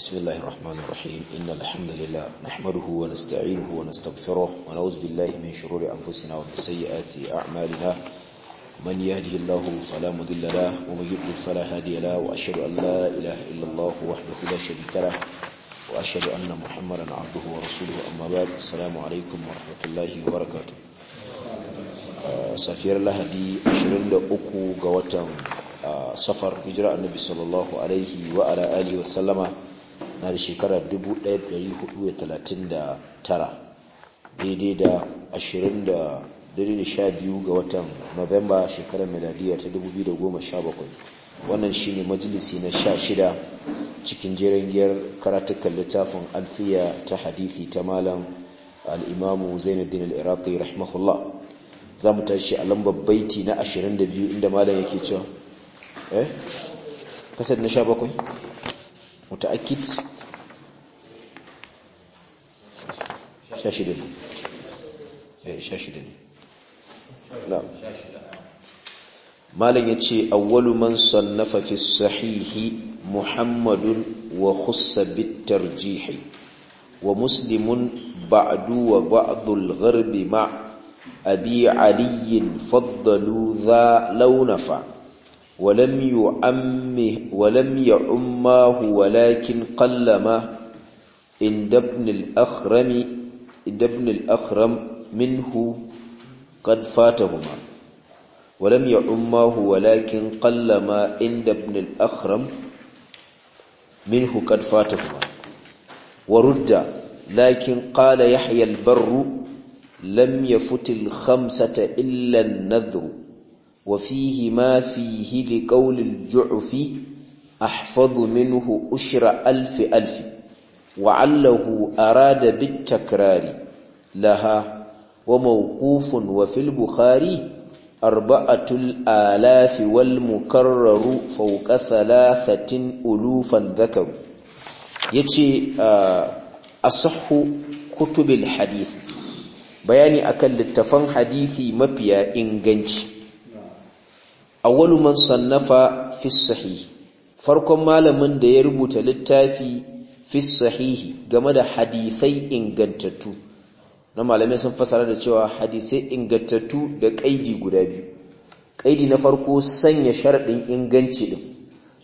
بسم الله الرحمن الرحيم إن الحمد لله نحمده ونستعينه ونستغفره ونعوذ بالله من شرور أنفسنا ومن سيئات أعمالنا من يهده الله فلا مضل له ومن يضلل فلا هادي له وأشهد أن لا إله إلا الله وحده لا شريك له وأشهد أن محمدا عبده ورسوله أما بعد السلام عليكم ورحمة الله وبركاته safiyar lahadi 23 ga watan safar hijira annabi sallallahu alaihi wa ala alihi wa sallama na da shekarar 1439 daidai da 20 ga watan novemba shekarar miladiya ta 2017 wannan shi ne majalisi na 16 cikin jirangiyar karatukan littafin alfiya ta hadithi ta malam al'imamu zainuddin al'iraqi rahimahullah za mu tashi a lambar baiti na 22 inda malam yake cewa eh kasar na 17 muta'akkid malam yace awwalu man sannafa fi sahihi muhammadun wa khussa bit tarjih wa muslimun ba'du wa ba'du al-gharbi ma' abi ali faddalu dha law ولم يعمه ولم يعماه ولكن قلما إن ابن الأخرم عند ابن الأخرم منه قد فاتهما ولم يعماه ولكن قلما إن ابن الأخرم منه قد فاتهما ورد لكن قال يحيى البر لم يفت الخمسة إلا النذر وفيه ما فيه لقول الجعف أحفظ منه أشر ألف ألف وعله أراد بالتكرار لها وموقوف وفي البخاري أربعة الآلاف والمكرر فوق ثلاثة ألوفا ذكر يتي أصح كتب الحديث bayani akan littafan hadisi mafiya inganci awwalu man sannafa fi sahih farkon malamin da ya rubuta littafi fi sahihi game da hadisai ingantattu na malamai sun fasara da cewa hadisai ingantattu da kaidi guda biyu kaidi na farko sanya sharadin inganci din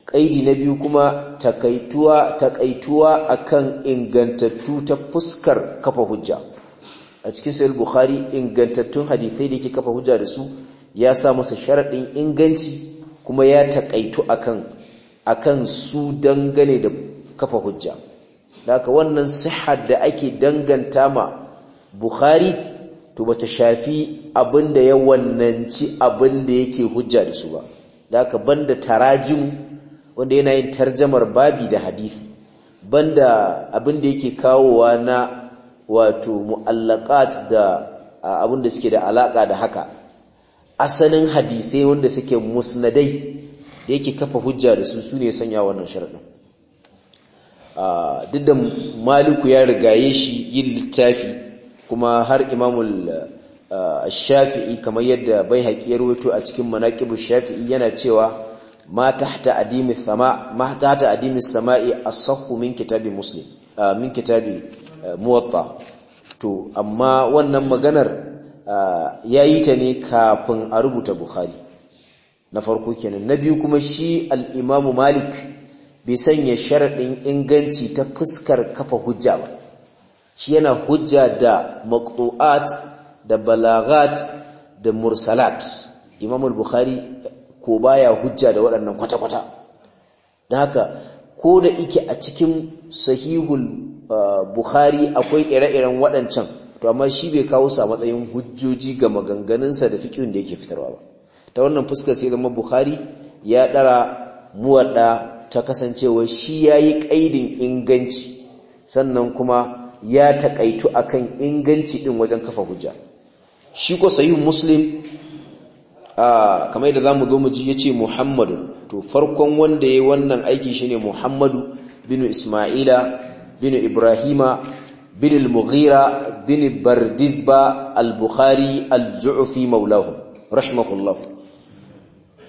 kaidi na biyu kuma takaituwa takaituwa akan ingantattu ta fuskar kafa hujja a cikin sahih bukhari ingantattun hadisai da ke kafa hujja da su ya sa masa sharaɗin inganci kuma ya taƙaitu a akan su dangane da kafa hujja haka wannan sihar da ake danganta ma bukhari to bata shafi abinda ya wannanci abinda yake hujja da su ba haka banda tarajim wanda yana yin tarjamar babi da hadisi banda abinda yake kawowa na wato mu'allaqat da abinda suke da alaka da haka asalin hadisai wanda suke musnadai da yake kafa hujja da su su sune sanya wannan shirin duk da maliku ya rigaye shi yin littafi kuma har imamul shafi'i kamar yadda bai haƙiyar wato a cikin manaƙibu shafi'i yana cewa ma hata adimin sama ma sama'i a min kitabi muslim min kitabi muwatta to amma wannan maganar Ah, ya yi ta ne kafin a rubuta bukhari na farko kenan na biyu kuma shi al'imamu malik bai sanya sharaɗin inganci ta fuskar kafa hujja ba shi yana hujja da maqtu'at da balagat da mursalat imamul bukhari ko baya hujja da waɗannan kwata-kwata da haka ko da ike a cikin sahihul ah, bukhari akwai ire-iren waɗancan to amma shi bai kawo sa matsayin hujjoji ga maganganunsa da fikirin da yake fitarwa ba ta wannan fuskar sai zama bukhari ya dara muwadda ta kasancewa shi ya yi ƙaidin inganci sannan kuma ya takaitu kan inganci ɗin wajen kafa hujja shi ko muslim a kamar yadda zamu zo mu ji yace muhammadu to farkon wanda ya yi wannan aiki shine muhammadu bin isma'ila bin ibrahima bin al-mughira bin bardizba al-bukhari al-ju'fi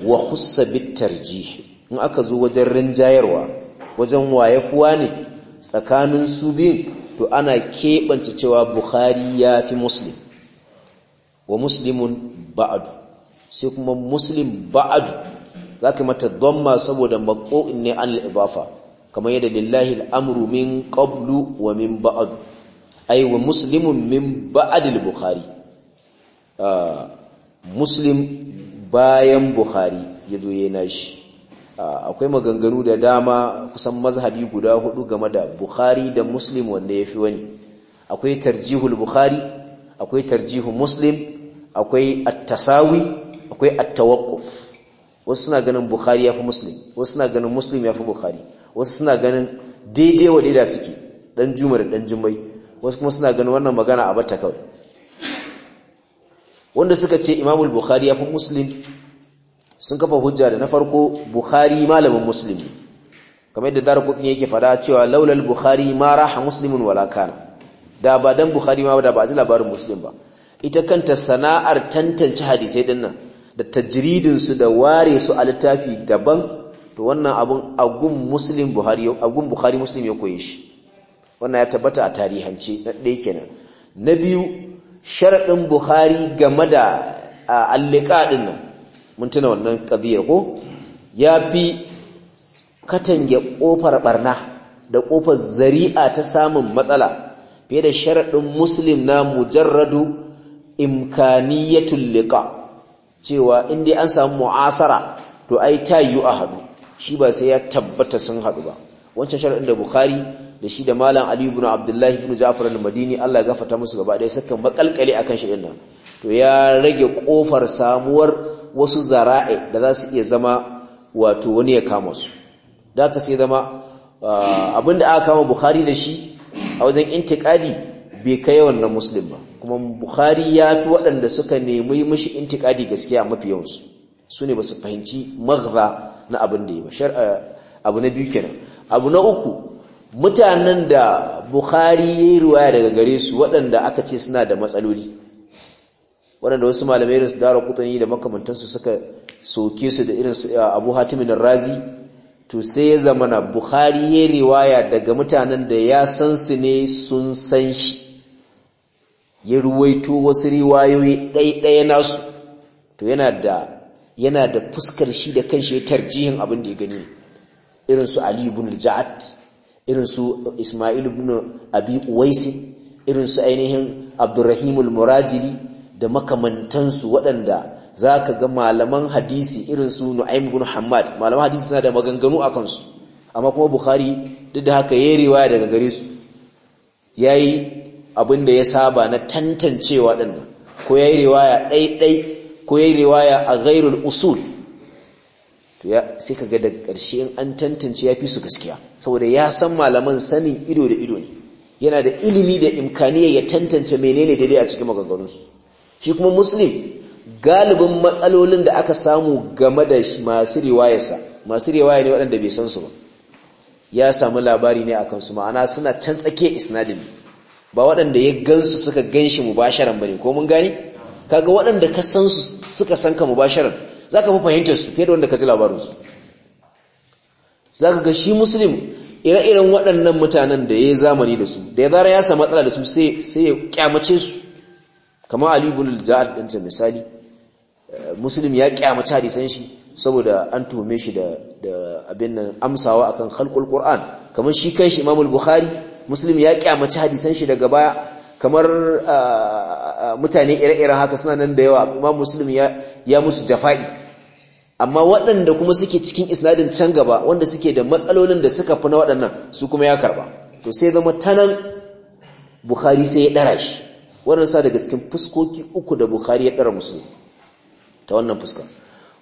wa khussa bit tarjih in aka zo wajen rinjayarwa wajen wayefuwa ne tsakanin subin to ana keɓance cewa bukhari ya fi muslim wa muslimun ba'adu sai kuma muslim ba'adu za mata dhamma saboda maƙo'in ne an al'ibafa kamar yadda lillahi amru min qablu wa min ba'adu ay wa muslimun min ba'dil bukhari muslim bayan bukhari yazo yana shi akwai maganganu da dama kusan mazhabi guda hudu game da bukhari da muslim wanda yafi wani akwai tarjihul bukhari akwai tarjihu muslim akwai at-tasawi akwai at-tawaqquf wasu suna ganin bukhari yafi muslim wasu suna ganin muslim yafi bukhari wasu suna ganin daidai wa daida suke dan juma da dan jummai wasu kuma suna ganin wannan magana a batta kawai wanda suka ce imamul bukhari ya fi muslim sun kafa hujja da na farko bukhari malamin muslim kamar yadda dara kukin yake fada cewa laulal bukhari ma raha muslimin wala kana da ba dan bukhari ma da ba ji labarin muslim ba ita kanta sana'ar tantance hadisai din nan da tajridinsu su da ware su a littafi daban to wannan abun agun muslim buhari agun bukhari muslim ya koyi shi wannan ya tabbata a tarihance na ɗaya kenan na biyu sharaɗin buhari game da allika ɗin nan mun tuna wannan ƙaziyar ko ya fi katange ƙofar ɓarna da ƙofar zari'a ta samun matsala fiye da sharaɗin muslim na mujarradu ya liqa cewa in dai an samu mu'asara to ai ta yi a haɗu shi ba sai ya tabbata sun haɗu ba wancan sharaɗin da buhari da shi da malam ali ibn abdullahi ibn ja'far al-madini Allah ya gafarta musu gaba ɗaya sakan makalkale akan shi dinnan to ya rage kofar samuwar wasu zara'i da za su iya zama wato wani ya kama su da ka sai zama abinda aka kama bukhari da shi a wajen intiqadi bai kai wannan muslim ba kuma bukhari ya fi waɗanda suka nemi mishi intiqadi gaskiya mafi yawansu su ne ba su fahimci maghza na abin da ya ba abu na biyu kenan abu na uku mutanen da bukhari ya yi ruwaya daga gare su waɗanda aka ce suna da matsaloli waɗanda wasu malamai irin su dara kutani da makamantansu suka soke su da irin su abu hatimin razi to sai ya zamana bukhari ya yi ruwaya daga mutanen da ya san su ne sun san shi ya ruwaito wasu riwayoyi ɗaiɗaya nasu to yana da yana da fuskar shi da kanshi ya tarjihin abin da ya gani irinsu Aliyu ali ibn jaad irin su Ismail ibn Abi Uwaisi irin su ainihin Abdurrahim al-Murajili da makamantansu waɗanda zaka ga malaman hadisi irin su Nu'aym ibn Hammad malaman hadisi suna da maganganu akan su amma kuma Bukhari duk da haka yayi riwaya daga gare su yayi abin da ya saba na tantancewa din ko yayi riwaya ɗaiɗai ko yayi riwaya a ghairul usul ya sai kaga da ƙarshe in an tantance ya fi su gaskiya saboda ya san malaman sanin ido da ido ne yana da ilimi da imkaniya ya tantance menene daidai a cikin maganganunsu shi kuma muslim galibin matsalolin da aka samu game da masu riwayarsa masu riwaya ne waɗanda bai san su ba ya samu labari ne akan su ma'ana suna can tsakiyar isnadin ba waɗanda ya gansu suka ganshi mubasharan bane ko mun gane kaga waɗanda ka san su suka san ka mubasharan za ka fi fahimtar su fiye da wanda ka ji labarinsu za ka ga shi muslim ire-iren waɗannan mutanen da ya yi zamani da su da ya zara ya samu matsala da su sai ya kyamace su kama ali ibn al-ja'ad misali eh, muslim ya kyamace hadisan shi saboda an tuhume shi da abin nan amsawa akan khalqul qur'an kamar shi kanshi imam al-bukhari muslim ya kyamace hadisan shi daga baya kamar eh, mutane ire-iren haka suna nan da yawa imam muslim ya musu jafa'i amma waɗanda kuma suke cikin isnadin can gaba wanda suke da matsalolin da suka fi na waɗannan su kuma ya karba to sai zama tanan bukhari sai ya ɗara shi waɗanda sa daga cikin fuskoki uku da bukhari ya ɗara musulmi ta wannan fuska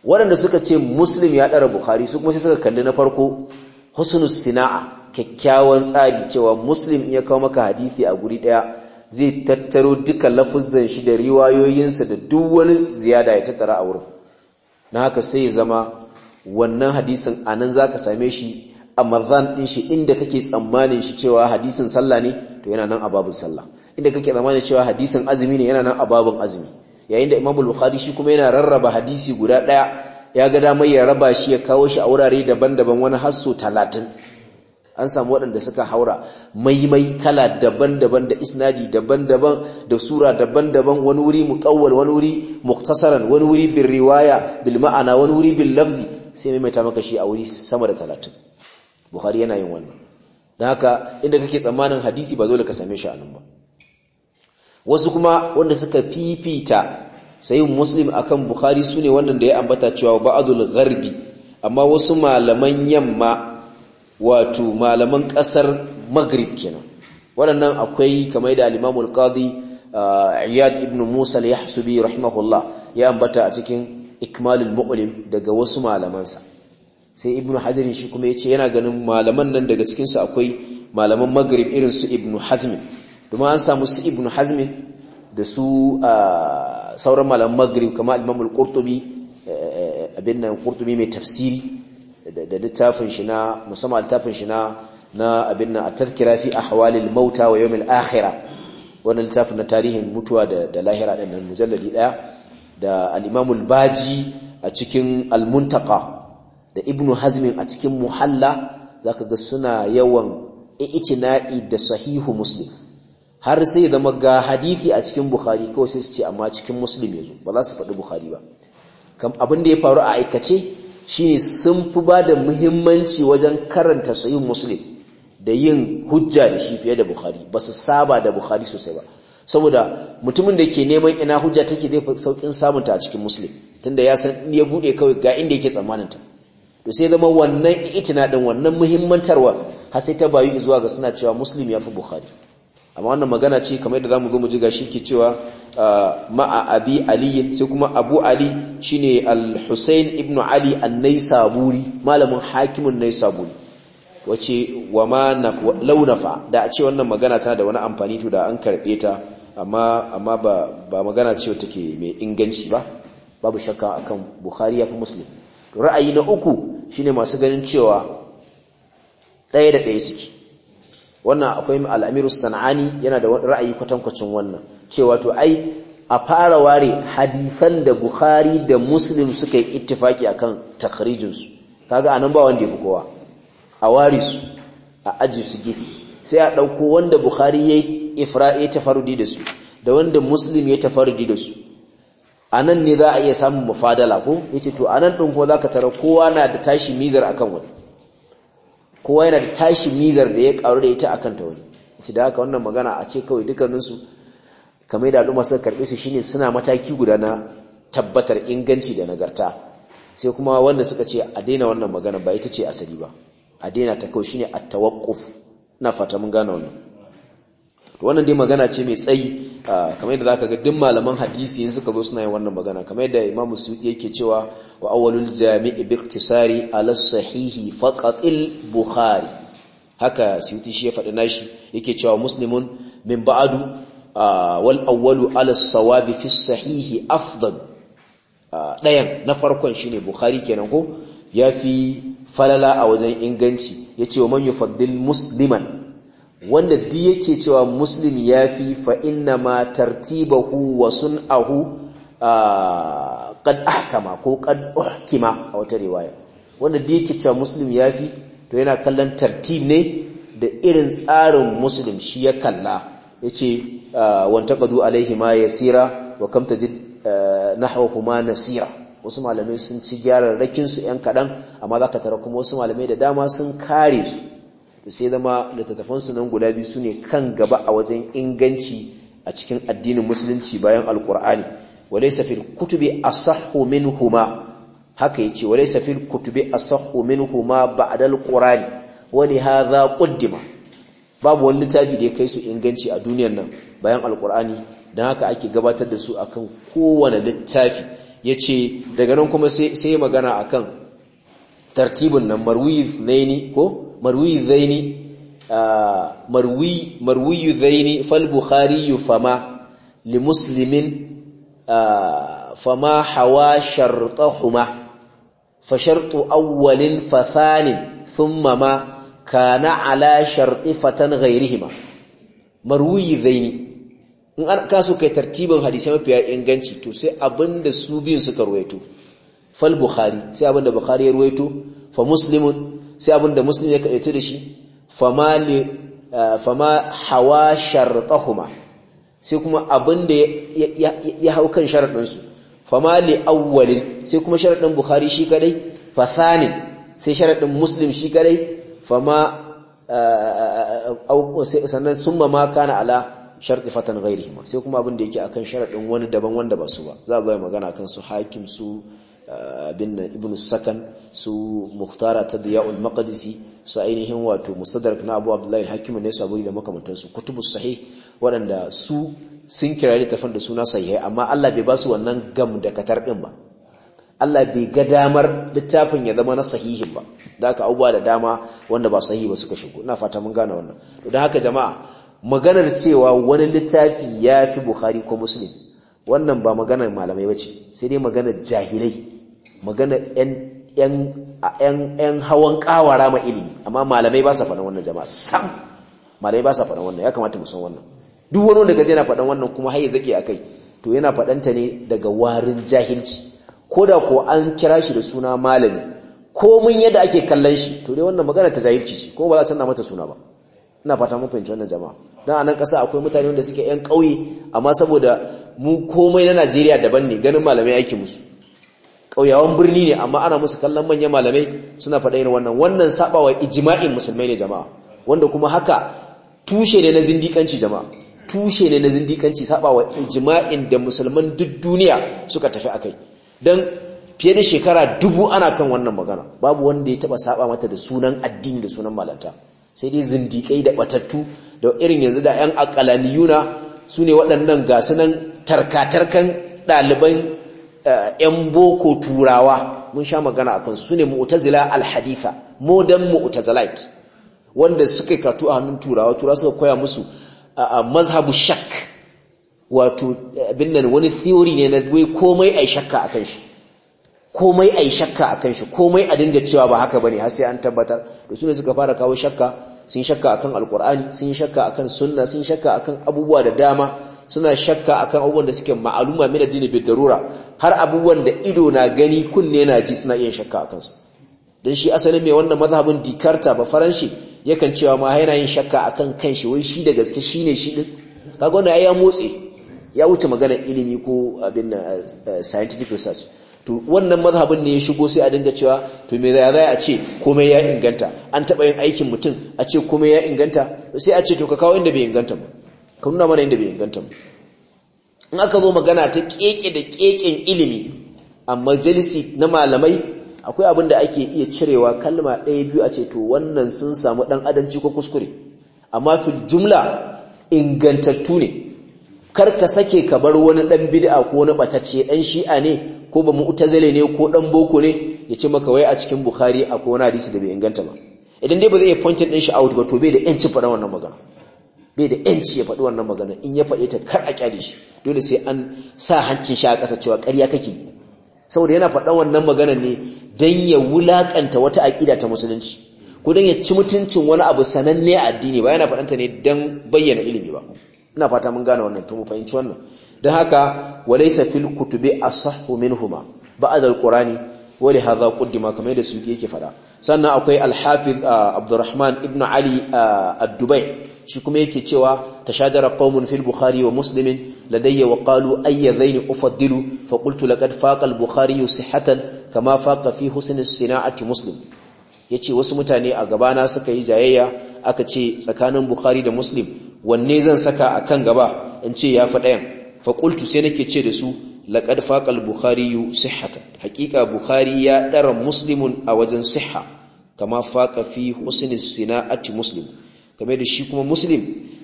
waɗanda suka ce muslim ya ɗara bukhari su kuma sai suka kalli na farko husnus sina'a kyakkyawan tsari cewa muslim ya kawo maka hadisi a guri ɗaya zai tattaro duka lafuzan shi da riwayoyinsa da duk wani ziyada ya tattara a wurin na haka sai ya zama wannan hadisin anan ka same shi a marzan ɗin shi inda kake tsammanin shi cewa hadisin sallah ne to yana nan ababin sallah inda kake tsammanin cewa hadisin azumi ne yana nan a babun azumi yayin da Imam Bukhari shi kuma yana rarraba hadisi guda ɗaya, ya ga damar ya raba shi ya kawo shi a wurare daban-daban wani hasso talatin an samu waɗanda suka haura maimai kala daban-daban da isnadi daban-daban da sura daban-daban wani wuri muqawwal wani wuri muktasaran wani wuri bin riwaya bil ma'ana wani wuri bin lafzi sai maimaita maka shi a wuri sama da talatin. bukhari yana yin wannan dan haka inda kake tsammanin hadisi ba dole ka same shi a nan ba wasu kuma wanda suka fifita sayin muslim akan bukhari sune wannan da ya ambata cewa ba'adul garbi, amma wasu malaman yamma wato malaman ƙasar maghrib kenan waɗannan akwai kamar da al-imam al-qadi ah, iyad ibn musa al-yahsubi rahimahullah ya ambata a cikin ikmalul mu'lim daga wasu malamansa sai ibn hajar shi kuma yace yana ganin malaman nan daga cikin su akwai malaman maghrib irin su ibnu hazm domin an samu su ibnu hazm da su ah, sauran malaman maghrib kamar al-imam al-qurtubi eh, eh, eh, abin nan qurtubi mai tafsiri da littafin shi na musamman littafin shi na na abin nan at-tadhkira fi ahwalil mauta wa yawmil akhirah wannan littafin na tarihin mutuwa da da lahira din nan mujalladi daya da al-imam al-baji a cikin al da ibnu hazm a cikin muhalla zaka ga suna yawan i'tina'i da sahihu muslim har sai zama ga hadisi a cikin bukhari kawai sai su ce amma cikin muslim yazo ba za su faɗi bukhari ba kam abin da ya faru a aikace shine sun fi ba da muhimmanci wajen karanta sayin muslim da yin hujja da shi fiye da bukhari ba su saba da bukhari sosai ba saboda mutumin da ke neman ina hujja take zai saukin samunta a cikin muslim tunda ya san ya bude kawai ga inda yake tsammanin ta to sai zama wannan itinadin wannan muhimmantarwa har sai ta bayu zuwa ga suna cewa muslim fi bukhari amma wannan magana ce kamar yadda zamu ga mu ji gashi ke cewa ah, ma'a abi ali sai kuma abu ali shine al-husayn ibnu ali an-naisaburi malamin hakimin naisaburi wace wa ma nafa da a ce wannan magana tana da wani amfani to da an karbe ta amma amma ba ba magana ce take mai inganci ba babu shakka akan bukhari ya fi muslim ra'ayi na uku shine masu ganin cewa ɗaya da ɗaya suke wannan akwai al'amiru sana'ani yana da ra'ayi kwatankwacin wannan cewa to ai a fara ware hadisan da bukhari da muslim suka yi ittifaki akan takhrijinsu kaga anan ba wanda ya fi kowa a ware su a aji su gefe sai a ɗauko wanda bukhari ya yi tafarudi da su da wanda muslim ya tafarudi da su a nan ne za a iya samun mufadala ko ya ce to a nan ɗin ko za ka tara kowa na da tashi mizar akan wani kowa yana da tashi mizar da ya karu da ita akan ta wani ita da haka wannan magana a ce kawai dukkaninsu kamar da al'umma suka karbe su shine suna mataki guda na tabbatar inganci da nagarta sai kuma wanda suka ce a daina wannan magana ba ita ce asali ba a daina ta kawai shine at-tawaqquf na fata mun gane wannan to wannan dai magana ce mai tsayi Ah, kamar yadda zaka ga duk malaman hadisi in suka zo suna yin wannan magana kamar yadda Imam Suyuti yake cewa wa awwalul jami'i bi iktisari ala sahihi faqat bukhari haka Suyuti shi ya faɗi nashi yake cewa muslimun min ba'du ah, wal awwalu ala sawabi fi sahihi afdal dayan ah, na farkon shine bukhari kenan ko yafi falala a wajen inganci yace wa man yufaddil musliman wanda duk yake cewa muslim ya fi fa inna ma tartibahu wa sun'ahu qad ahkama ko kan uhkima a wata riwaya wanda duk yake cewa muslim ya fi to yana kallon tartib ne da irin tsarin muslim shi ya kalla Ya ce yace kadu alaihi ma ya sira? wa kam kuma na nasira wasu malamai sun ci gyararrakinsu rakinsu yan kaɗan. amma za ka tara kuma wasu malamai da dama sun kare su to sai zama littattafansu nan guda biyu su ne kan gaba a wajen inganci a cikin addinin musulunci bayan alkur'ani kutube a sahu min huma haka ce yace walai safil kutubi ba a dal alqur'ani wani hadha ma babu wani littafi da ya kai su inganci a duniyar nan bayan alkur'ani don haka ake gabatar da su akan kowane littafi ya ce daga nan kuma sai magana magana akan tartibin nan marwi naini ko marwi zaini marwi marwi zaini fal bukhari fama li muslimin fama hawa shartahuma fa shartu awwalin fa thanin thumma ma kana ala sharti fatan ghairihima marwi zaini in an kaso kai tartibin mafi a inganci to sai abinda su biyun suka ruwaito fal bukhari sai abinda bukhari ya ruwaito fa muslimun sai abinda Musulmi ya kaɗaito da shi fama hawa sharɗahuma sai kuma abinda ya hau kan sharaɗinsu fama li awwalin sai kuma sharaɗin bukhari shi kadai fathanin sai sharaɗin Musulmi shi kadai fama sannan summa ma kana ala sharɗi fatan gairi sai kuma abin da yake akan sharaɗin wani daban wanda ba su ba za a zo magana kan su hakim su abin ibn sakan su muhtara ta diya'ul maqdisi su ainihin wato mustadrak na abu abdullahi hakimu ne saburi da su kutubus sahih waɗanda su sun kira tafan da suna sahihai amma Allah bai ba su wannan gam da katar din ba Allah bai ga damar littafin ya zama na sahihin ba da ka abubuwa da dama wanda ba sahihi ba suka shigo ina fata mun gane wannan to dan haka jama'a maganar cewa wani littafi ya fi Bukhari ko Muslim wannan ba maganar malamai bace sai dai maganar jahilai magana ‘yan hawan kawara ma ilimi amma malamai ba sa faɗin wannan jama'a sam malamai ba sa faɗin wannan ya kamata musan wannan duk wani wanda gaji yana faɗin wannan kuma haye zake a kai to yana faɗanta ne daga warin jahilci ko da ko an kira shi da suna malami komin yadda ake kallon shi to dai wannan magana ta jahilci ce kuma ba za a canza mata suna ba ina fata mun fahimci wannan jama'a dan anan ƙasa akwai mutane wanda suke ‘yan ƙauye amma saboda mu komai na Najeriya daban ne ganin malamai ake musu ƙauyawan birni ne amma ana musu kallon manyan malamai suna faɗa yin wannan wannan wa ijima'in musulmai ne jama'a wanda kuma haka tushe ne na zindikanci jama'a tushe ne na zindikanci wa ijima'in da musulman duk duniya suka tafi a kai? dan fiye da shekara dubu ana kan wannan magana babu wanda ya taɓa saɓa mata da sunan addini da sunan malanta sai dai zindikai da ɓatattu da irin yanzu da yan akalaniyuna su ne waɗannan gasu nan tarkatarkan ɗaliban 'yan boko turawa mun sha magana a kan su ne mu'tazila alhadifa modern mu'tazilite wanda suka yi karatu a hannun turawa turawa suka koya musu mazhabu shak wato abin nan wani theory ne na wai komai ai shakka akan shi komai ai shakka akan shi komai a dinga cewa ba haka bane har sai an tabbatar da su ne suka fara kawo shakka sun shakka akan alkur'ani sun shakka akan sunna sun shakka akan abubuwa da dama suna shakka akan abubuwan da suke ma'aluma min addini bi darura har abubuwan da ido na gani kunne na ji suna iya shakka akan su dan shi asalin mai wannan mazhabin dikarta ba faranshi yakan cewa ma yana yin shakka akan kanshi wai shi da gaske shine shi din kaga wannan ya motsi ya wuce magana ilimi ko abin eh, scientific research to wannan mazhabin ne ya shigo sai a dinga cewa to me za a ce komai ya inganta an taba yin aikin mutum a ce komai ya inganta sai a ce to ka kawo inda bai inganta ba ka nuna mana inda bai inganta ba in aka zo magana ta keke da keken ilimi a majalisi na malamai akwai abin da ake iya cirewa kalma ɗaya biyu a ce to wannan sun samu ɗan adanci ko kuskure amma fi jumla ingantattu ne kar ka sake ka bar wani ɗan bid'a ko wani ɓatacce ɗan shi'a ne ko ba mu'tazile ne ko dan boko ne ya ce maka wai a cikin bukhari akwai wani hadisi da bai inganta ba idan dai ba zai iya din shi out ba to bai da yanci faɗa wannan magana bai da yanci ya faɗi wannan magana in ya faɗe ta kar a kyale shi dole sai an sa hancin shi a ƙasa cewa ƙarya kake saboda yana faɗa wannan magana ne dan ya wulakanta wata aƙida ta musulunci ko don ya ci mutuncin wani abu sananne a addini ba yana faɗanta ne don bayyana ilimi ba ina fata mun gane wannan to mu fahimci wannan don haka walaisa fil kutubi asahhu minhuma ba'da alqurani wali hadha quddima kamar da su yake fada sannan akwai alhafiz hafiz uh, Abdurrahman ibn Ali uh, ad-Dubai shi kuma yake cewa tashajara qaumun fil Bukhari wa Muslim ladayya wa qalu ayyadhayn ufaddilu fa qultu laqad faqa al-Bukhari sihhatan kama faqa fi husn as-sina'ati Muslim yace wasu mutane a gabana suka yi jayayya aka ce tsakanin Bukhari da Muslim wanne zan saka akan gaba in ce ya fi ɗayan faƙultu sai nake ce da su laqad faƙal al-bukhari sihhata buhari bukhari ya dara muslimun a wajen sihha kama faqa fi husni sinaati muslim kamar da shi kuma muslim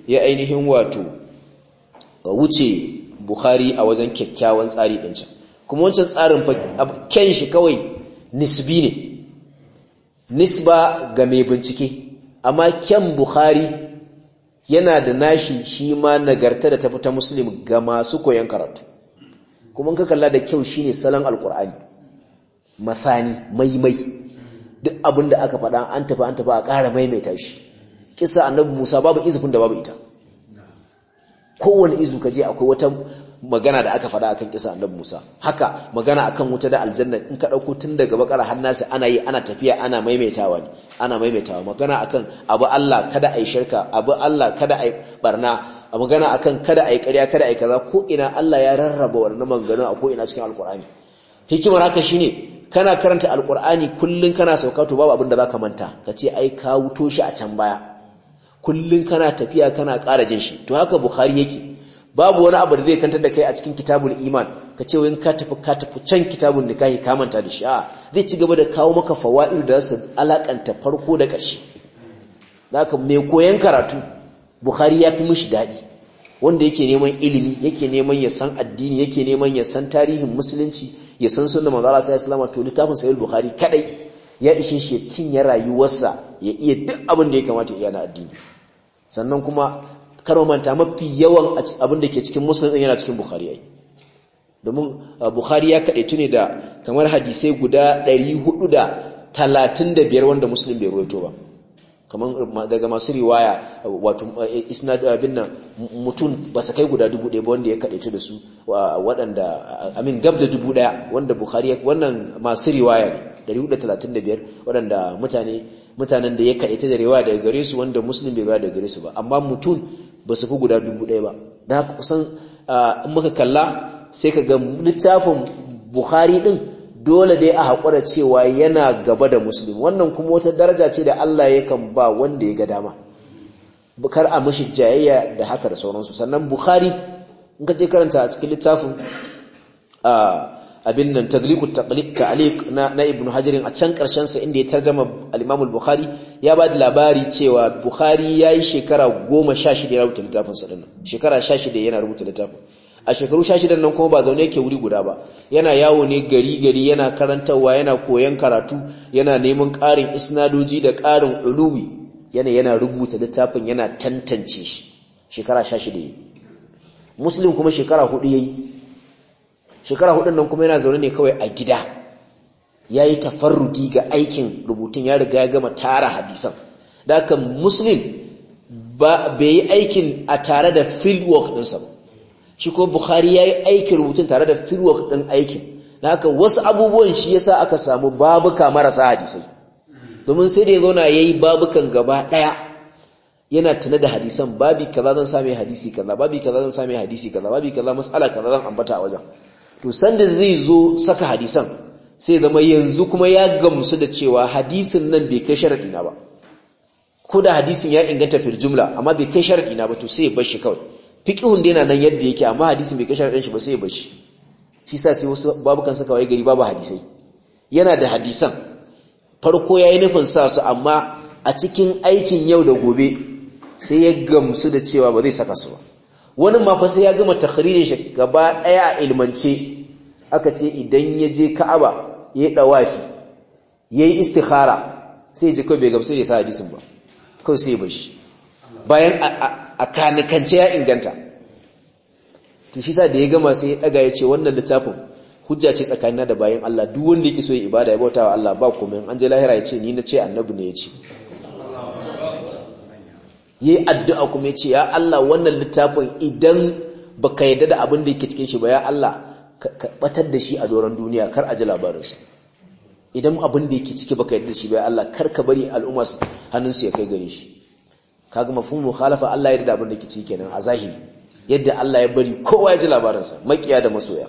ya ainihin wato wuce bukhari a wajen kyakkyawan tsari din can kuma wancan tsarin ken shi kawai nisbi ne nisba ga mai bincike amma kyan bukhari yana da nashi shi ma nagarta da tafi ta muslim ga masu koyon karatu kuma ka kalla da kyau shi ne salon alkur'ani mathani maimai duk abin da aka faɗa an tafi an tafi a ƙara maimaita shi kisa annabi Musa babu izufin da babu ita kowane izu je akwai wata magana da aka faɗa akan kisa annabi Musa haka magana akan wuta da aljanna in ka dauko tun daga bakara nasi ana yi ana tafiya ana maimaitawa ne ana maimaitawa magana akan abu Allah kada ai shirka abu Allah kada ai barna magana akan kada ai ƙarya kada ai kaza ko ina Allah ya rarraba wannan maganganun a ko ina cikin alkur'ani hikimar haka shine kana karanta alkur'ani kullun kana sauka to babu abin da zaka manta kace ai ka wuto shi a can baya kullun kana tafiya kana ƙara jin shi to haka bukhari yake babu wani abu da zai kantar da kai a cikin kitabul iman ka ce wayin ka tafi ka tafi can kitabun nikahi ka manta da shi a zai ci gaba da kawo maka fawaid da su alakanta farko da ƙarshe zaka mai koyan karatu bukhari ya fi mishi dadi wanda yake neman ilimi yake neman ya san addini yake neman ya san tarihin musulunci ya san sunnar manzo Allah sallallahu alaihi to littafin sahih bukhari kadai ya ishe shi ya cinye rayuwarsa ya iya duk abin da ya kamata iya na addini sannan kuma karo manta mafi yawan abin da ke cikin musulun yana cikin bukhari yi domin uh, bukhari ya kaɗe tuni da kamar hadisai guda 435 wanda musulun bai rawaito ba kamar daga masu riwaya uh, wato uh, isnad abin nan mutum ba su kai guda dubu ba wanda ya kade da su waɗanda amin gab da ɗaya wanda bukhari wannan masu riwaya ne 435 waɗanda mutane mutanen da ya ta da rewa daga gare su wanda musulun bai ba daga gare su ba amma mutum ba su fi guda dubu ɗaya ba da haka kusan in muka kalla sai ka ga littafin bukhari ɗin dole dai a haƙura cewa yana gaba da musulun. wannan kuma wata daraja ce da allah ya kan ba wanda ya ga dama kar a mashi jayayya da haka da sauransu sannan buhari in ka je karanta a cikin littafin abin nan tagliqu taqliq ta'liq na na ibn hajar a can karshen sa inda ya tarjama al-imam al-bukhari ya ba da labari cewa bukhari yayi shekara 16 yana rubuta littafin sa dinnan shekara 16 yana rubuta littafin a shekaru 16 nan kuma ba zaune yake wuri guda ba yana yawo ne gari gari yana karantawa yana koyon karatu yana neman ƙarin isnadoji da ƙarin ulumi yana yana rubuta littafin yana tantance shi shekara 16 muslim kuma shekara 4 yayi shekara hudun nan kuma yana zaune ne kawai a gida ya yi tafarruki ga aikin rubutun ya riga ya gama tara hadisan da aka muslim bai yi aikin a tare da fieldwork ɗinsa ba shi ko bukhari ya yi aikin rubutun tare da fieldwork ɗin aikin da aka wasu abubuwan shi yasa aka samu babuka marasa hadisai domin sai da ya zauna ya yi babukan gaba ɗaya yana tuna da hadisan babi kaza zan same hadisi kaza babi kaza zan same hadisi kaza babi kaza mas'ala kaza zan ambata a wajen to sanda zai zo saka hadisan sai zama yanzu kuma ya gamsu da cewa hadisin nan bai kai sharadi na ba ko da hadisin ya inganta fil jumla amma bai kai sharadi na ba to sai ya bar shi kawai fiqhun dai na nan yadda yake amma hadisin bai kai sharadin shi ba sai ya bar shi shi sa sai wasu babu kan saka wai gari babu hadisai yana da hadisan farko ya yi nufin sa su amma a cikin aikin yau da gobe sai ya gamsu da cewa ba zai saka su ba wani ma sai ya gama takhririn shi gaba daya a ilmance aka ce idan ya je Ka'aba ya ɗawafi, dawafi yi istihara sai ji kawai bai gamsu ya sa hadisin ba kawai sai ba shi bayan a kanikance ya inganta to shi sa da ya gama sai ya daga ya ce wannan littafin hujja ce tsakanina da bayan Allah duk wanda ya ki so ya ibada ya bauta wa Allah ba komai an je lahira ya ce ni na ce annabi ne ya ce Yi addu'a kuma ce, ya Allah wannan littafin idan ba ka yarda da abin da yake cikin shi ba ya Allah ka batar da shi a doron duniya kar a ji labarin idan abin da yake ciki ba ka yarda da shi ba ya Allah kar ka bari al'umma hannunsu ya kai gare shi kaga mafhum mukhalafa Allah ya yarda da abin da yake ciki kenan a zahiri yadda Allah ya bari kowa ya ji labarin maƙiya da masoya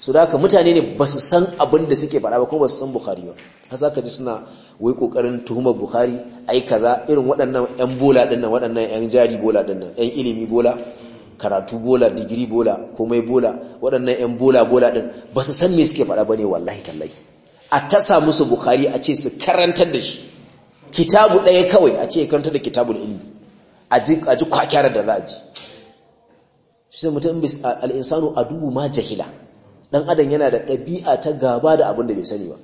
Su da aka mutane ne ba su san abin da suke faɗa ba ko ba su san bukhari ba har za ka ji suna wai ƙoƙarin tuhumar bukhari ai kaza irin waɗannan 'yan bola ɗin nan waɗannan 'yan jari bola ɗin nan 'yan ilimi bola karatu bola digiri bola komai bola waɗannan 'yan bola bola ɗin ba su san me suke faɗa ba ne wallahi tallahi a tasa musu bukhari a ce su karantar da shi kitabu ɗaya kawai a ce karantar da kitabul ilmi a ji kwakyarar da za a ji shi mutum al'insanu adubu ma jahila dan adam yana da ɗabi'a ta gaba da abin da bai sani ba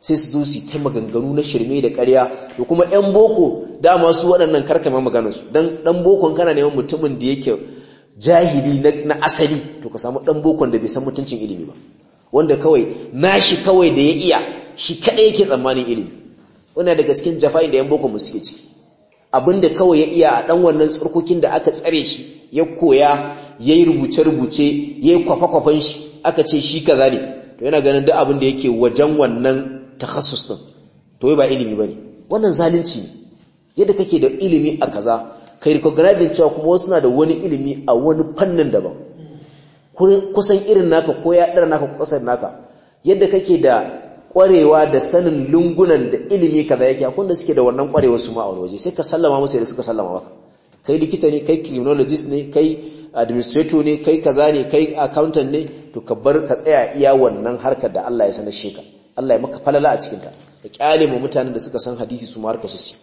sai su zo su ta maganganu na shirme da ƙarya da kuma ƴan boko dama su waɗannan karkama maganar su dan dan bokon kana neman mutumin da yake jahili na asali to ka samu dan bokon da bai san mutuncin ilimi ba wanda kawai nashi kawai da ya iya shi kaɗai yake tsammanin ilimi wannan daga cikin jafa'in da ƴan boko mu suke ciki Abin da kawai ya iya a ɗan wannan tsarkokin da aka tsare shi ya koya yayi rubuce-rubuce yayi kwafa-kwafan shi aka ce shi kaza ne to yana ganin duk abin da yake wajen wannan takhassus din to ba ilimi ba ne. wannan zalunci yadda kake da ilimi a kaza kai recognizing cewa kuma wasu na da wani ilimi a wani fannin daban kusan irin naka ko ya dara naka kusan naka yadda kake da kwarewa da sanin lungunan da ilimi kaza yake akwai da suke da wannan kwarewa su ma a waje sai ka sallama musu yadda suka sallama maka kai likita ne kai criminologist ne kai administrator ne kai kaza ne kai accountant ne to ka bar ka tsaya iya wannan harkar da Allah ya sanar ka. Allah ya maka falala a cikin ta ka kyale mu mutanen da suka san hadisi su ma harka su si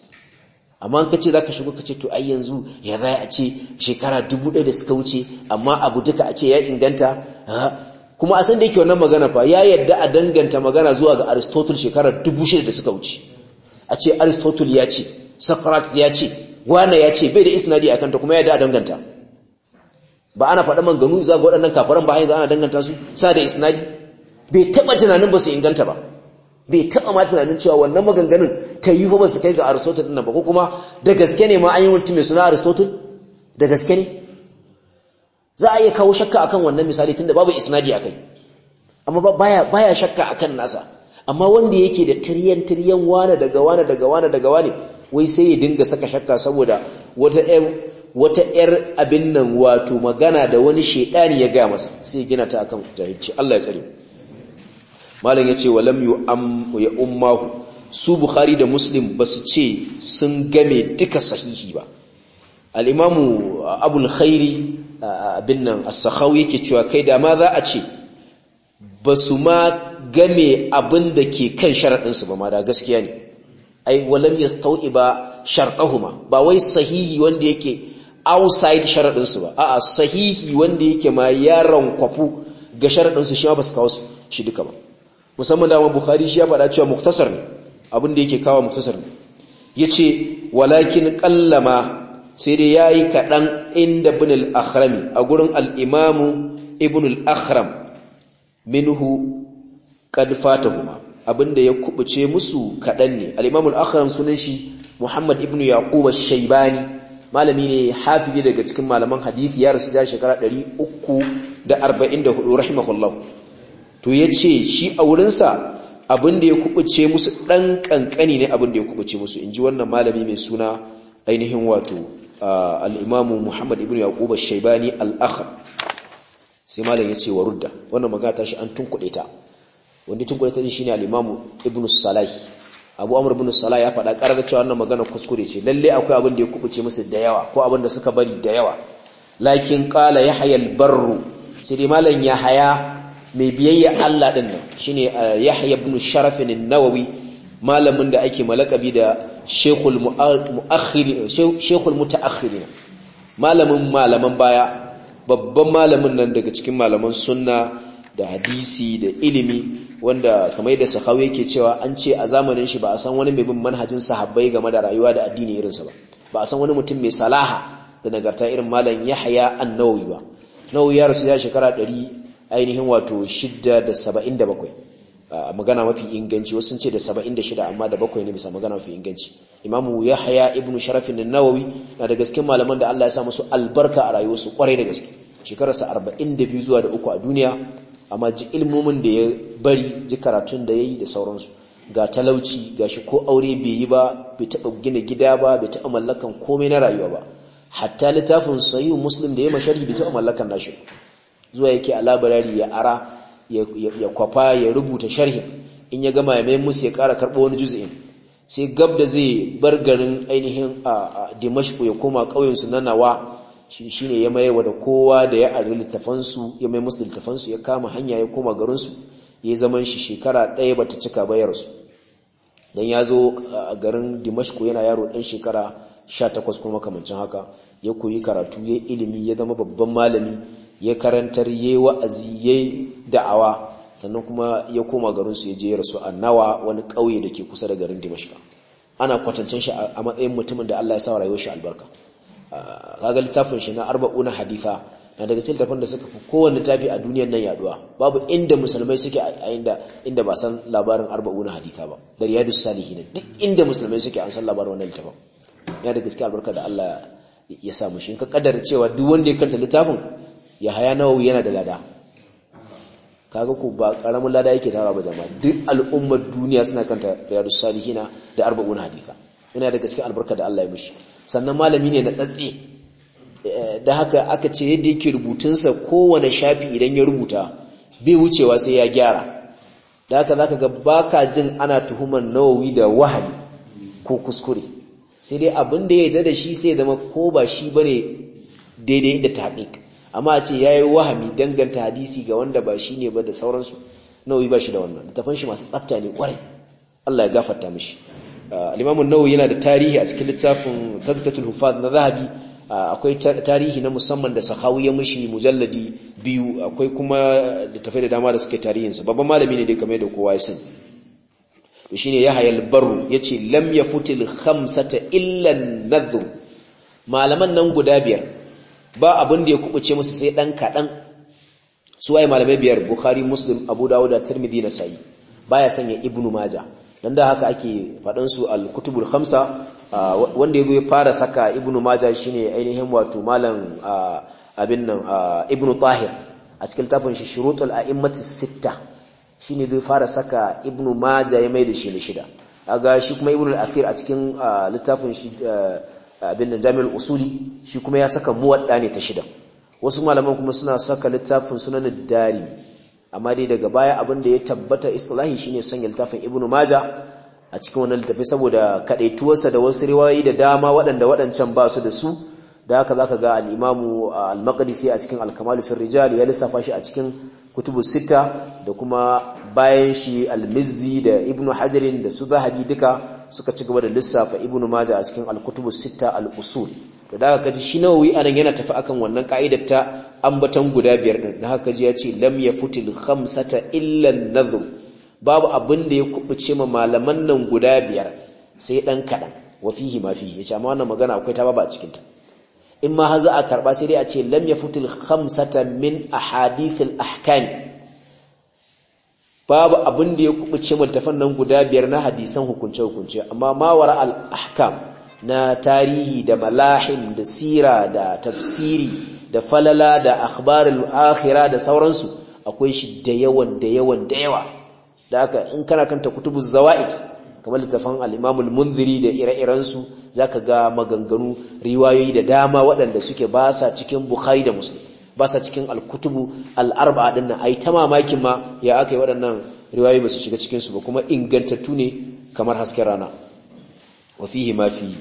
amma in kace zaka shigo kace to ai yanzu ya za a ce shekara 1000 da suka wuce amma abu duka a ce ya inganta kuma a san da yake wannan magana fa ya yadda a danganta magana zuwa ga Aristotle shekara 1600 da suka wuce a ce Aristotle ya ce Socrates ya ce wana ya ce bai da isnadi akan ta kuma ya da a danganta ba ana faɗa manganu za ga waɗannan kafaran ba yanzu ana danganta su sa da isnadi bai taɓa tunanin ba su inganta ba bai taɓa ma tunanin cewa wannan maganganun ta yi fa ba su kai ga aristotle ɗin ba ko kuma da gaske ne ma an yi mutum mai suna aristotle da gaske ne za a iya kawo shakka akan wannan misali tunda babu isnadi kai. amma baya baya shakka akan nasa amma wanda yake da tiryan tiryan wane daga wane daga wane daga wane wai sai ya dinga saka shakka saboda wata wata ‘yar abin nan wato magana da wani shaidani ya gaya masa sai gina ta akan jahilci Allah ya tsare malam ya ce walam ya ummahu su bukhari da muslim basu ce sun game duka sahihi ba al'imamu abul khairi abin nan as-sakhawi yake cewa kai da ma za a ce basu ma game abin da ke kan su ba ma da gaskiya ne ai walam ya stau'i ba ba wai sahihi wanda yake outside sharaɗinsu ba a'a sahihi wanda yake ma yaron kwafu ga sharaɗinsu shi ma ba su kawo shi duka ba musamman dama bukhari shi ya faɗa cewa muktasar ne abin da yake kawo muktasar ne ya ce walakin kallama sai dai ya yi kaɗan inda bin al'akhrami a gurin al'imamu ibn minuhu minhu fata kuma abinda ya kubuce musu kaɗan ne al'imamu akhram sunan shi muhammad ibn yaƙuba shaibani malami ne hafizi daga cikin malaman hadisi ya rasu shekara 344 rahimahullah to ya ce shi a wurinsa abinda ya kubuce musu ɗan ƙanƙani ne abin da ya kubuce musu In ji wannan malami mai suna ainihin wato al'imamu Muhammad ibn Yaqub al al’akhar al sai malam ce wa rudda wannan magana ta shi an tunkuɗe ta wanda tunkuɗe ta shine ne al’imamu Ibn Salahi abu amur bin Salah ya faɗa ƙarar cewa wannan magana kuskure ce lalle akwai abin da ya kubuce musu da yawa ko abin da suka bari da yawa lakin qala yahya al-barru sai malam yahya mai biyayya Allah din nan shine eh, yahya ibn sharaf an-nawawi malamin da ake malakabi da shaykhul muakhir shaykhul mutaakhirin malamin malaman baya babban malamin nan daga cikin malaman sunna da hadisi da ilimi wanda kamar da sahawi yake cewa an ce a zamanin shi ba a san wani mai bin manhajin sahabbai game da rayuwa da addini irin sa ba ba a san wani mutum mai salaha da nagarta irin malam yahya annawawi ba nawawi ya rasu ya shekara 100 ainihin wato 677 magana mafi inganci wasu sun ce da 76 amma da bakwai ne bisa magana mafi inganci imamu yahya ibnu sharafin nawawi na da gaske malaman da Allah ya sa musu albarka a rayuwarsu kwarai da gaske shekararsa 42 zuwa da uku a duniya amma ji ilmomin da ya bari ji karatun da ya yi da sauransu ga talauci ga shi ko aure bai yi ba bai taɓa gina gida ba bai taɓa mallakan komai na rayuwa ba hatta littafin sayu muslim da ya masharhi bai taɓa mallakan nashi zuwa yake a labarari ya ara ya kwafa ya rubuta sharhin in ya gama ya mai musu ya kara karɓo wani juzi'in sai gab da zai bar garin ainihin a dimashku ya koma ƙauyensu na nawa shi ne ya mayar da kowa da ya ari tafansu ya mai musulun tafansu ya kama hanya ya koma garinsu ya zama shi shekara ɗaya ba ta cika bayar su dan ya zo a garin dimashiko yana yaro ɗan shekara sha 18 kuma kamancin haka ya koyi karatu ya ilimi ya zama babban malami ya karantar ya yi wa'azi ya yi da'awa sannan kuma ya koma garinsu ya je ya rasu a nawa wani ƙauye da ke kusa da garin Dimashka ana kwatancin shi a matsayin mutumin da Allah ya sa rayuwar shi albarka Ah, kaga littafin shi na arba'una haditha na daga cikin littafin da suka fi kowanne tafi a duniyar nan yaduwa babu inda musulmai suke a inda inda ba san labarin arba'una haditha ba da riyadus salihin duk inda musulmai suke an san labarin wannan littafin ya da gaskiya albarka da Allah ya sa mu shi ka kaddara cewa duk wanda ya kanta littafin ya haya nawawi yana da lada kaga ko ba karamin lada yake tara ba jama'a duk al'ummar duniya suna kanta riyadus salihin da arba'una haditha yana da gaskiya albarka da Allah ya mishi sannan malami ne na tsatse eh, da haka aka ce yadda yake rubutunsa kowane shafi idan ya rubuta bai wucewa sai ya gyara da haka zaka ga baka jin ana tuhumar nawawi da wahayi ko kuskure sai dai abin da ya yi da shi sai zama ko ba shi ba ne daidai da tahqiq amma a ce ya yi wahami danganta hadisi ga wanda ba shi ne ba da sauransu nawawi ba shi da wannan Da shi masu tsafta ne kwarai Allah ya gafarta mishi Uh, al-Imam an-Nawawi yana da tarihi a cikin littafin Tazkatul Hufaz na Zahabi uh, akwai tarihi na musamman da Sakhawi ya mushi mujalladi biyu akwai kuma littafai da dama da suke tarihin sa babban malami ne dai kamar da kowa ya san to shine Yahya al-Barru yace lam yafutil khamsata illa an-nadhr malaman nan guda biyar ba abin da ya kubuce musu sai dan kadan su waye malamai biyar Bukhari Muslim Abu Dawud da Tirmidhi Nasa'i baya sanya Ibn Majah dan da haka ake faɗan su al-kutubul khamsa wanda yazo ya fara saka ibnu majah shine ainihin wato malam abin nan ibnu tahir a cikin tafin shi shurutul a'immati sitta shine zai fara saka ibnu majah ya mai da shi ne shida kaga shi kuma ibnu al asir a cikin littafin shi abin nan jami'ul usuli shi kuma ya saka muwadda ne ta shida wasu malaman kuma suna saka littafin sunan ad-darimi amma dai daga baya abin da ya tabbata istilahi shine sanya littafin ibnu maja a cikin wannan littafi saboda kadaituwarsa da wasu riwayoyi da dama waɗanda waɗancan ba su da su da haka zaka ga al-imamu al-maqdisi a cikin al-kamal fi rijal ya lissafa shi a cikin kutubu sita da kuma bayan shi almizzi da ibnu hajarin da su zahabi duka suka ci gaba da lissafa ibnu maja a cikin alkutubu sitta al'usul to da kaji shi nawawi anan yana tafi akan wannan ka'idar ta ambaton guda biyar din da haka ji ya ce lam yafutil khamsata illa an babu abin da ya kubuce ma malaman nan guda biyar sai dan kadan wa fihi ma fihi yace amma wannan magana akwai ta baba a cikin ta in ma haza za a karba sai dai a ce lam yafutil khamsata min ahadithil ahkami babu abin da ya kubuce maltafan nan guda biyar na hadisan hukunce-hukunce amma mawara al na tarihi da malahim da sira da tafsiri da falala da akhbarul akhira da sauransu akwai shi da yawan da yawan da yawa da aka in kana kanta kutubuz zawaid kamar littafan al-imam al-munziri da ire-irensu iren zaka ga maganganu riwayoyi da dama waɗanda suke ba sa cikin bukhari da muslim ba sa cikin alkutubu al'arba din nan ai ta mamakin ma ya aka yi waɗannan riwaye ba su shiga cikin su ba kuma ingantattu ne kamar hasken rana wa fihi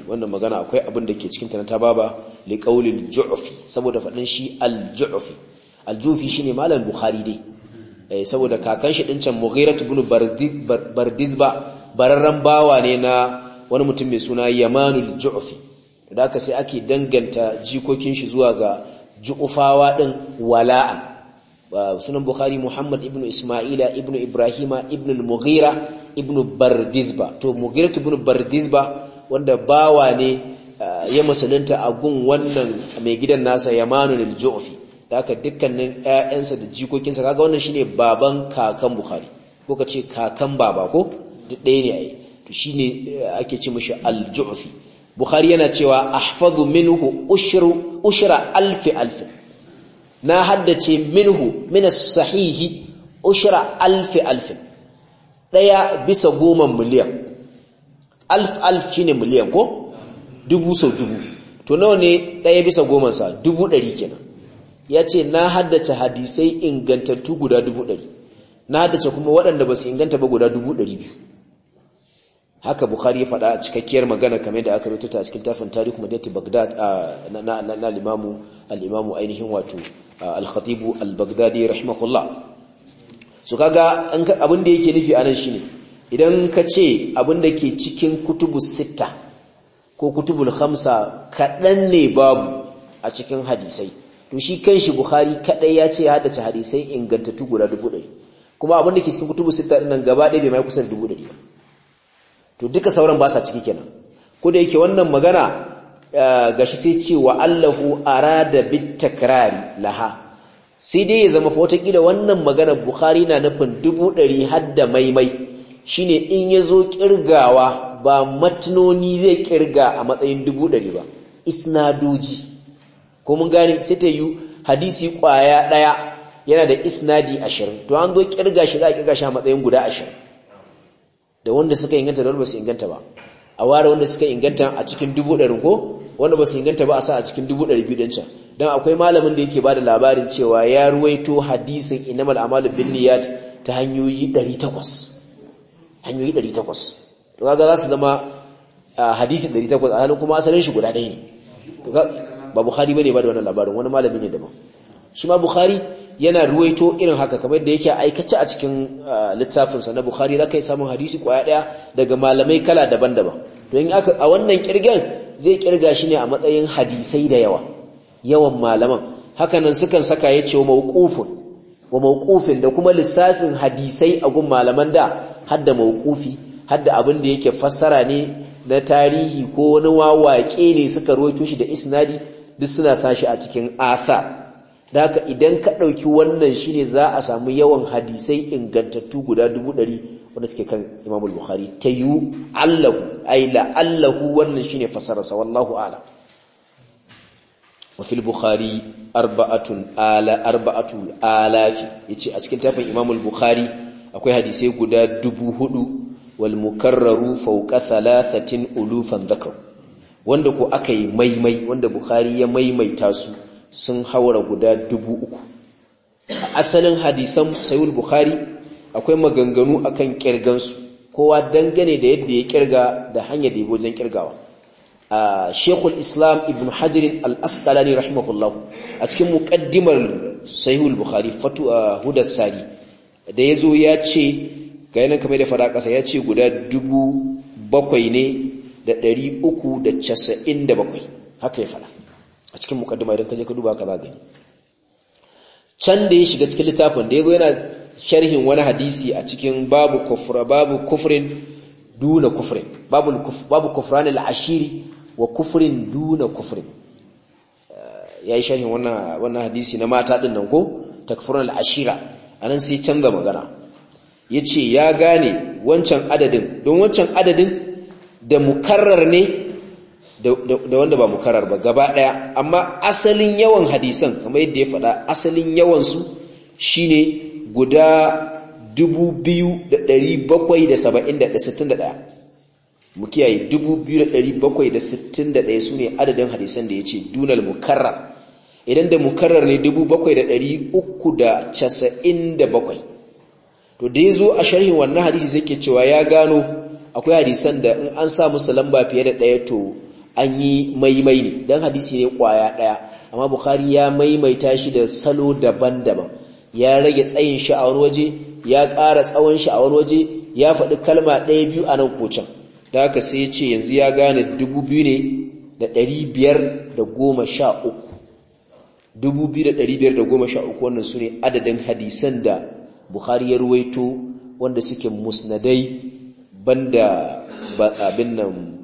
wannan magana akwai abin da ke cikin ta na tababa li ju'ufi saboda faɗin shi al-ju'fi al-ju'fi shine malam bukhari dai eh, saboda kakan shi din can mughiratu ibn bardizba bararran bawa ne na wani mutum mai suna yamanul ju'fi da aka sai ake danganta jikokin shi zuwa ga ju'ufawa din wala'a sunan bukhari muhammad ibn isma'ila ibn ibrahima ibn mughira ibn bardizba to mughira ibn bardizba wanda bawa ne ya musulunta a gun wannan mai gidan nasa yamanu al-ju'fi da haka dukkanin ƴaƴansa da jikokinsa kaga wannan shine baban kakan bukhari ko kace kakan baba ko duk ɗaya ne ai to shine eh, ake ce mishi al-ju'fi bukhari yana cewa ahfazu minhu ushru ushra alfi alfi na haddace minhu min sahihi ushra alfi alfi daya bisa goma miliyan alf alf shine miliyan ko dubu sau dubu to nawa ne daya bisa goma sa dubu dari kenan yace na haddace hadisai ingantattu guda dubu dari na haddace kuma waɗanda ba su inganta ba guda dubu dari biyu haka bukhari ya faɗa a cikakkiyar magana kamar da aka rubuta a cikin tafin tarihi kuma madinatu bagdad na na limamu al ainihin wato al-khatib al-baghdadi rahimahullah so kaga abin da yake nufi anan ne idan ka ce abin da ke cikin kutubu sitta ko kutubul khamsa kaɗan ne babu a cikin hadisai to shi kanshi bukhari kaɗai ya ce ya hadace hadisai ingantattu guda dubu 100 kuma abin da ke cikin kutubu sitta din nan gaba ɗaya bai mai kusan dubu ba to duka sauran ba sa ciki kenan ko da yake wannan magana eh, gashi sai ce wa allahu arada bit takrari laha sai dai ya zama wataƙila wannan magana bukhari na nufin dubu ɗari hadda maimai shine in ya zo ƙirgawa ba matnoni zai ƙirga a matsayin dubu dari ba isnadoji ko mun gane sai ta yi hadisi ƙwaya ɗaya yana da isnadi ashirin to an zo ƙirga shi za a ƙirga shi a matsayin guda ashirin da wanda suka inganta da wanda basu inganta ba a ware wanda suka inganta a cikin dubu ɗari ko wanda basu inganta ba a sa a cikin dubu ɗari biyu can don akwai malamin da yake ba da labarin cewa ya ruwaito hadisin inamal amalu bin niyat ta hanyoyi ɗari takwas hanyoyi ɗari takwas to kaga za su zama hadisi ɗari takwas a halin kuma asalin shi guda ɗaya ne ba bukhari ba ba da wannan labarin wani malami ne daban shi ma bukhari yana ruwaito irin haka kamar da yake aikace a cikin uh, littafinsa na bukhari za ka yi samun hadisi kwaya ɗaya daga malamai kala daban-daban to in aka a wannan kirgen zai kirga shi ne a matsayin hadisai da yawa yawan malaman Haka nan sukan saka ya ce wa mawqufun wa mawqufin da kuma lissafin hadisai a gun malaman da hadda mawqufi hadda abin da yake fassara ne na tarihi ko wani wawaƙe ne suka ruwaito shi da isnadi duk suna sashi a cikin athar da haka idan ka ɗauki wannan shi ne za a samu yawan hadisai ingantattu guda dubu ɗari wanda suke kan imamul bukhari ta yi allahu ai la'allahu wannan shi shine fasararsa wallahu ala wafil bukhari arba'atun ala ya alafi yace a cikin tafin imamul bukhari akwai hadisai guda dubu hudu wal mukarraru fauka thalathatin ulufan dhakar wanda ko aka yi maimai wanda bukhari ya maimaita su sun haura guda dubu uku a asalin hadisan sayul bukhari akwai maganganu akan kirgansu kowa dangane da yadda ya kirga da hanyar da ya wajen kirgawa a shekul islam ibn hajirin al'askalani rahimahullah a cikin muƙaddimar sayul bukhari fatu a hudar sari da ya zo ya ce ga yanar kamar da fara ƙasa ya ce guda dubu bakwai ne da ɗari uku da casa'in da bakwai haka ya fara a cikin mukaddima idan ka je ka duba ka ba gani can da ya shiga cikin littafin da ya zo yana sharhin wani hadisi a cikin babu kufra babu kufrin duna kufrin babu kuf babu kufran al-ashiri wa kufrin duna kufrin eh, yayi sharhin wannan wannan hadisi na mata din nan ko takfurun al-ashira anan sai canza magana yace ya gane wancan adadin don wancan adadin da mukarrar ne da wanda ba mu karar ba gaba daya amma asalin yawan hadisan kamar yadda ya faɗa asalin yawan su shine guda 2,761 mu kiyaye 2761 ne adadin hadisan da ya ce, dunal mukarra. idan da mukarar ne 7397 to da ya zo a sharhin wannan hadisi zai ke cewa ya gano akwai hadisan da in an sa musu lamba fiye da ɗaya to an yi maimai ne dan hadisi ne kwaya daya amma bukhari ya maimaita shi da salo daban-daban ya rage tsayin sha'awar waje ya ƙara tsawon sha'awar waje ya faɗi kalma ɗaya biyu a nan kocan da haka sai ya ce yanzu ya gane dubu biyu ne da ɗari biyar da goma sha uku dubu biyu da ɗari biyar da goma sha uku wannan su ne adadin hadisan da bukhari ya ruwaito wanda suke musnadai banda abin nan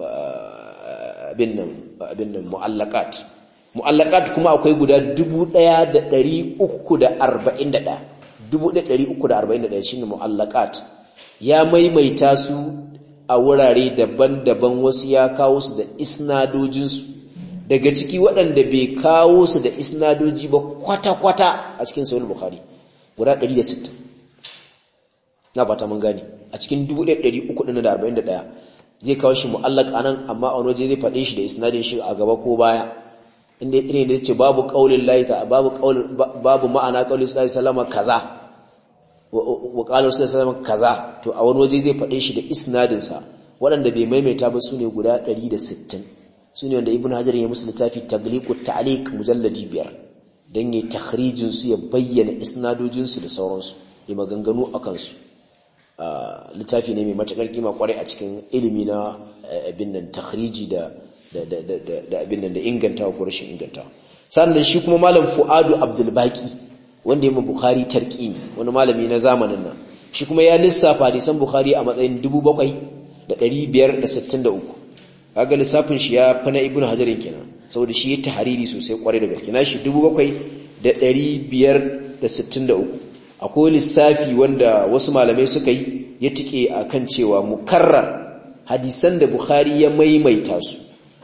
abin nan mu'allakat nan kuma akwai guda 1341 1341 shine mu'allakat ya maimaita su a wurare daban-daban wasu ya kawo su da isnadojinsu daga ciki waɗanda bai kawo su da isnadoji ba kwata-kwata a cikin sahih bukhari guda 160 na ba ta mun gane a cikin 1341 zai kawo shi mu'allaq anan amma a waje zai faɗe shi da isnadin shi a gaba ko baya inda irin da ce babu qaulin lahi babu qaulin babu ma'ana qaulin sallallahu alaihi kaza wa qala sallallahu kaza to a wani waje zai faɗe shi da isnadin sa waɗanda bai maimaita ba sune guda 160 sune wanda ibnu hajar ya musu littafi tagliqut ta'liq mujalladi biyar dan yayi takhrijin su ya bayyana isnadojin da sauransu ya maganganu a kansu. littafi ne mai matakar kima kwarai a cikin ilimi na eh, abin nan takhriji da abin nan da inganta ko rashin inganta sannan shi kuma malam Fuadu Abdul wanda wanda ma Bukhari tarkimi wani malami na zamanin nan shi kuma ya lissafa hadisan Bukhari a matsayin 7563 kaga lissafin shi ya fa na Ibn hajarin kenan saboda shi ya tahariri sosai kwarai da gaske na shi 7563 akwai lissafi wanda wasu malamai suka yi ya tike a kan cewa mukarrar hadisan da bukhari ya maimaita su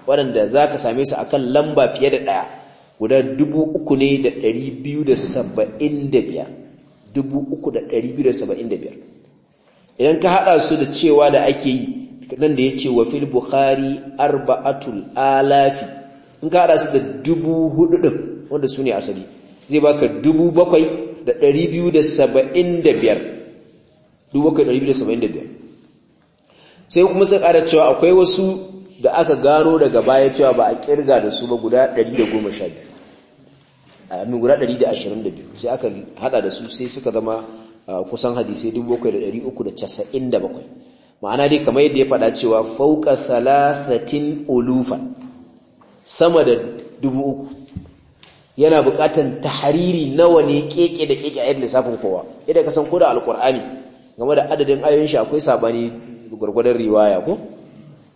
waɗanda za ka same su akan lamba fiye da ɗaya guda dubu uku idan ka haɗa su da cewa da ake yi nan da ya ce wa fil bukhari arba'atul alafi in ka haɗa su da dubu wanda su ne asali zai baka dubu da 275 dubu 275 sai kuma sun ƙara cewa akwai wasu da aka gano daga baya cewa ba a kirga da su ba guda 112 a yami guda 122 sai aka hada da su sai suka zama kusan hadisai 7,397 ma'ana dai kamar yadda ya faɗa cewa fauka salasatin ulufa sama da dubu uku yana buƙatar tahariri nawa ne keke da keke a lissafin kowa idan ka san ko da alkur'ani game da adadin ayoyin shi akwai sabani gurgurdan riwaya ko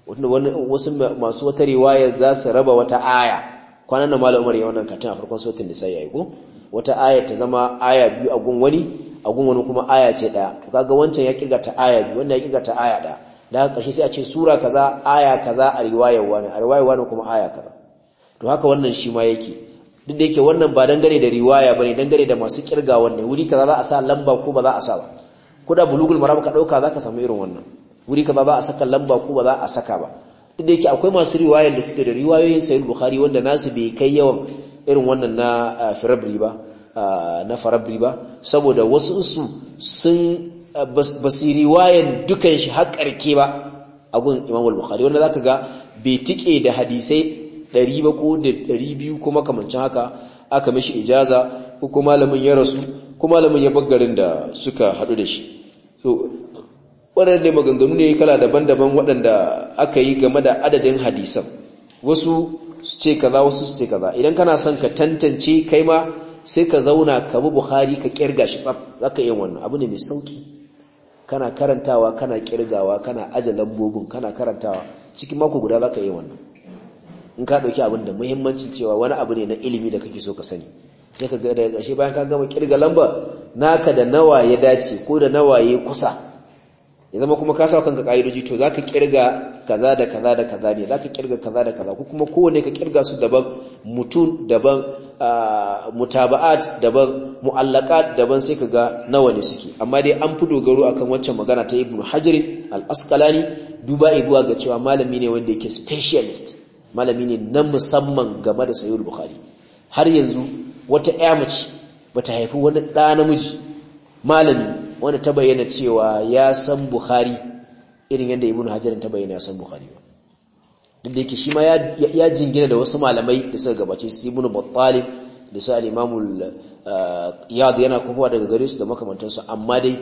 wasu masu wata riwaya za su raba wata aya kwanan na malam Umar ya wannan katin a farkon sautin nisa yayi ko wata aya ta zama aya biyu a gun wani a gun wani kuma aya ce daya to kaga wancan ya kirga ta aya biyu wannan ya kirga ta aya daya da haka karshe sai a ce sura kaza aya kaza a riwayar wani a riwayar wani kuma aya kaza to haka wannan shi ma yake duk da yake wannan ba dangane da riwaya bane dangane da masu kirga wannan wuri kaza za a sa lamba ko ba za a sa ba ko da bulugul maram ka dauka zaka samu irin wannan wuri kaza ba a saka lamba ko ba za a saka ba duk da yake akwai masu riwaya da suke da riwayoyin sahih bukhari wanda nasu bai kai yawan irin wannan na ah, farabri ba ah, na farabri ba saboda wasu su sun ah, basiri riwayan dukan shi har karke ba a gun imam al-bukhari wanda zaka ga bai tike da hadisai ɗari ba ko ɗari biyu kuma kamancin haka aka mishi ijaza ko malamin ya rasu ko malamin ya bagarin da suka haɗu da shi so waɗanda maganganu ne kala daban-daban waɗanda aka yi game da adadin hadisan wasu su ce kaza wasu su ce kaza idan kana son ka tantance kai ma sai ka zauna ka bi buhari ka kirga shi tsaf zaka yi wannan abu ne mai sauki kana karantawa kana kirgawa kana aje lambobin kana karantawa cikin mako guda zaka yi wannan in ka ɗauki abin da muhimmancin cewa wani abu ne na ilimi da kake so ka sani sai ka ga daga ƙarshe bayan ka gama kirga lambar naka da nawa ya dace ko da nawa ya kusa ya zama kuma ka sa kanka ka'idoji to zaka kirga kaza da kaza da kaza ne zaka kirga kaza da kaza ko kuma kowane ka kirga su daban mutun daban mutaba'at daban mu'allaqat daban sai ka ga nawa ne suke amma dai an fi dogaro akan waccan magana ta Ibn Hajar al-Asqalani duba ibuwa ga cewa malami ne wanda yake specialist malami ne na musamman game da sayo bukhari har yanzu wata ƴa mace bata haifi wani ɗa namiji malami wanda ta bayyana cewa ya san bukhari irin yadda ibnu hajjarin ta bayyana ya san bukhari ba duk da yake shi ma ya jingina da wasu malamai da suka gabace su munu battalib da su alimamul uh, imamu yana kofa daga gare su da makamantansu amma dai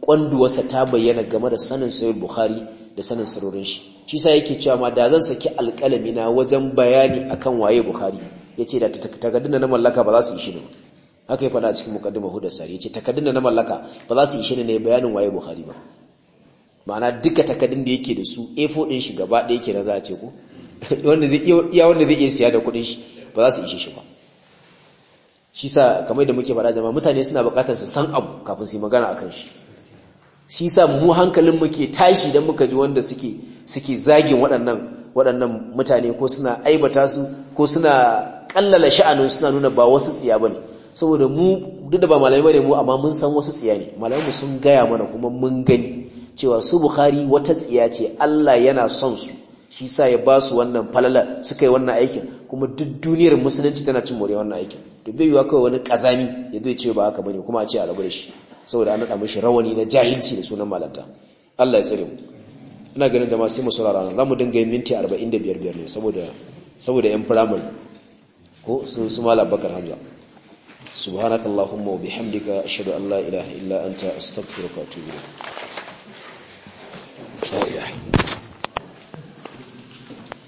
kwanduwarsa ta bayyana game da sanin sayar bukhari da sanin sarorin shi shi sa yake cewa ma da zan saki alƙalami na wajen bayani akan waye bukhari yace da takaddun na mallaka ba za su yi shi ne haka ya faɗa cikin muqaddimah huda sari yace takaddun na mallaka ba za su yi shi ne bayanin waye bukhari ba ma'ana duka takaddun da yake da su A4 din shi gaba ɗaya da za a ce ku wanda zai iya wanda zai iya siya da kuɗin shi ba za su yi shi ba shi sa kamar da muke faɗa jama'a mutane suna buƙatar su san abu kafin su yi magana akan shi shi sa mu hankalin muke tashi dan muka ji wanda suke suke zagin waɗannan waɗannan mutane ko suna aibata su ko suna kallala sha'anin suna nuna ba wasu tsiya ne saboda mu duk da ba ba ne mu amma mun san wasu tsiya ne malamai sun gaya mana kuma mun gani cewa su bukhari wata tsiya ce Allah yana son su shi sa ya ba su wannan falala suka yi wannan aikin kuma duk duniyar musulunci tana cin more wannan aikin to bai yiwa kawai wani kazami ya zai ce ba haka bane kuma a ce a rabu da shi saboda an naɗa mishi rawani na jahilci da sunan malanta Allah ya tsare mu ina ganin jama'a sai mu saurara nan zamu dinga yin minti 45 biyar ne saboda saboda yan primary ko su su malam bakar hamza subhanakallahumma wa bihamdika ashhadu an la ilaha illa anta astaghfiruka wa atubu ilayk